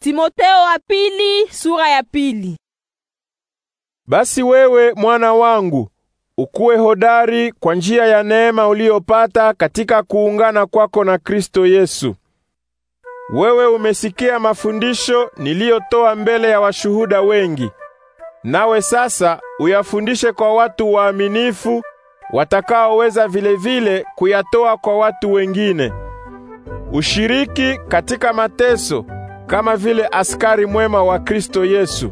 Timoteo wa pili, sura ya pili. Basi wewe mwana wangu ukuwe hodari kwa njia ya neema uliyopata katika kuungana kwako na Kristo Yesu. Wewe umesikia mafundisho niliyotoa mbele ya washuhuda wengi. Nawe sasa uyafundishe kwa watu waaminifu watakaoweza vilevile kuyatoa kwa watu wengine. Ushiriki katika mateso kama vile askari mwema wa Kristo Yesu.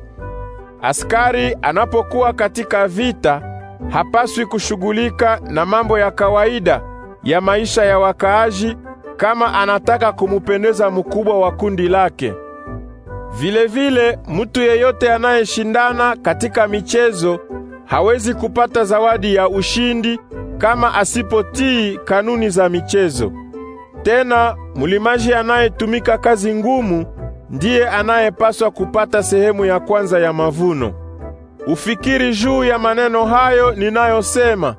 Askari anapokuwa katika vita hapaswi kushughulika na mambo ya kawaida ya maisha ya wakaaji kama anataka kumupendeza mkubwa wa kundi lake. vile vile mtu yeyote anayeshindana katika michezo hawezi kupata zawadi ya ushindi kama asipotii kanuni za michezo. Tena, mulimaji anayetumika kazi ngumu ndiye anayepaswa kupata sehemu ya kwanza ya mavuno. Ufikiri juu ya maneno hayo ninayosema,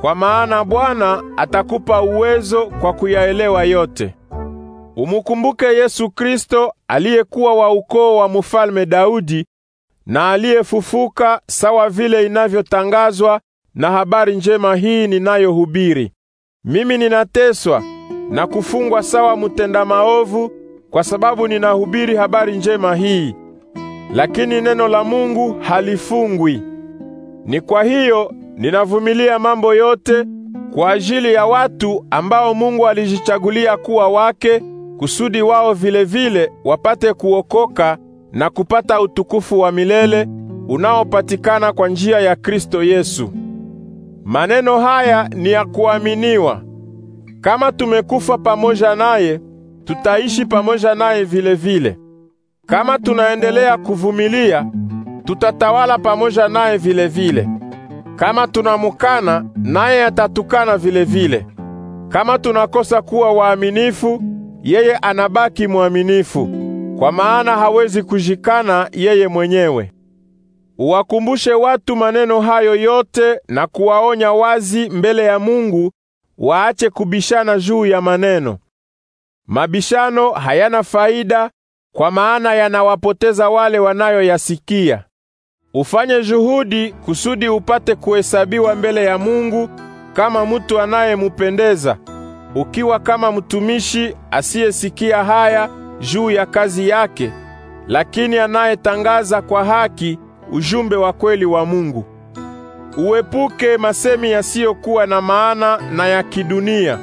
kwa maana Bwana atakupa uwezo kwa kuyaelewa yote. Umukumbuke Yesu Kristo aliyekuwa wa ukoo wa mfalme Daudi na aliyefufuka sawa vile inavyotangazwa na habari njema hii ninayohubiri. Mimi ninateswa na kufungwa sawa mtenda maovu kwa sababu ninahubiri habari njema hii, lakini neno la Mungu halifungwi. Ni kwa hiyo ninavumilia mambo yote kwa ajili ya watu ambao Mungu alijichagulia kuwa wake, kusudi wao vile vile wapate kuokoka na kupata utukufu wa milele unaopatikana kwa njia ya Kristo Yesu. Maneno haya ni ya kuaminiwa. Kama tumekufa pamoja naye, tutaishi pamoja naye vile vile. Kama tunaendelea kuvumilia, tutatawala pamoja naye vile vile. Kama tunamukana, naye atatukana vile vile. Kama tunakosa kuwa waaminifu, yeye anabaki mwaminifu, kwa maana hawezi kujikana yeye mwenyewe. Uwakumbushe watu maneno hayo yote na kuwaonya wazi mbele ya Mungu waache kubishana juu ya maneno. Mabishano hayana faida, kwa maana yanawapoteza wale wanayoyasikia. Ufanye juhudi kusudi upate kuhesabiwa mbele ya Mungu kama mtu anayemupendeza, ukiwa kama mtumishi asiyesikia haya juu ya kazi yake, lakini anayetangaza kwa haki ujumbe wa kweli wa Mungu. Uepuke masemi yasiyokuwa na maana na ya kidunia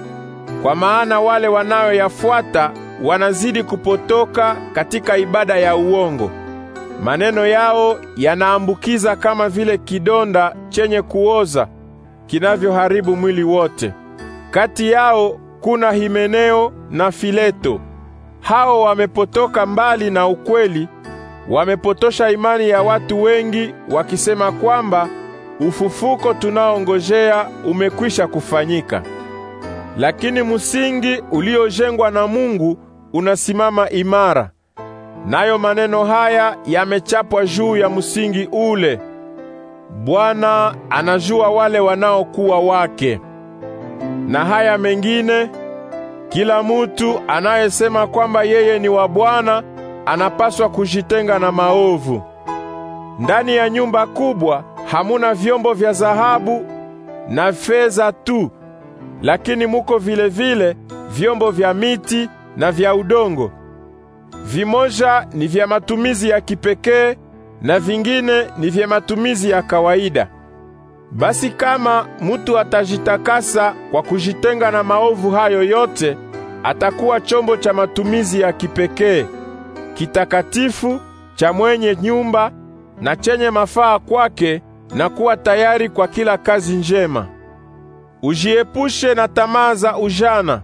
kwa maana wale wanayoyafuata wanazidi kupotoka katika ibada ya uongo. Maneno yao yanaambukiza kama vile kidonda chenye kuoza kinavyoharibu mwili wote. Kati yao kuna Himeneo na Fileto. Hao wamepotoka mbali na ukweli, wamepotosha imani ya watu wengi wakisema kwamba ufufuko tunaongojea umekwisha kufanyika lakini msingi uliojengwa na Mungu unasimama imara. Nayo maneno haya yamechapwa juu ya msingi ule. Bwana anajua wale wanaokuwa wake. Na haya mengine, kila mutu anayesema kwamba yeye ni wa Bwana anapaswa kujitenga na maovu. Ndani ya nyumba kubwa hamuna vyombo vya dhahabu na fedha tu, lakini muko vile vile vyombo vya miti na vya udongo. Vimoja ni vya matumizi ya kipekee na vingine ni vya matumizi ya kawaida. Basi kama mutu atajitakasa kwa kujitenga na maovu hayo yote, atakuwa chombo cha matumizi ya kipekee, kitakatifu cha mwenye nyumba na chenye mafaa kwake na kuwa tayari kwa kila kazi njema. Ujiepushe na tamaa za ujana,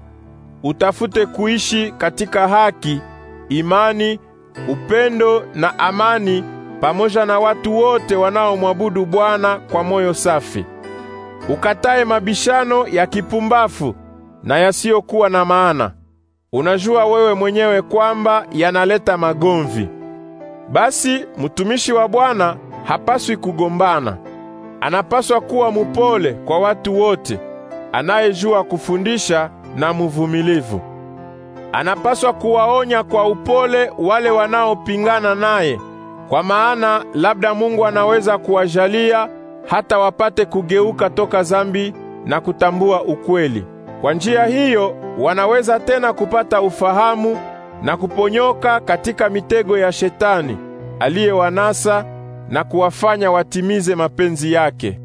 utafute kuishi katika haki, imani, upendo na amani pamoja na watu wote wanaomwabudu Bwana kwa moyo safi. Ukatae mabishano ya kipumbafu na yasiyokuwa na maana. Unajua wewe mwenyewe kwamba yanaleta magomvi. Basi mtumishi wa Bwana hapaswi kugombana Anapaswa kuwa mupole kwa watu wote, anayejua kufundisha na mvumilivu. Anapaswa kuwaonya kwa upole wale wanaopingana naye, kwa maana labda Mungu anaweza kuwajalia hata wapate kugeuka toka zambi na kutambua ukweli. Kwa njia hiyo wanaweza tena kupata ufahamu na kuponyoka katika mitego ya Shetani aliyewanasa na kuwafanya watimize mapenzi yake.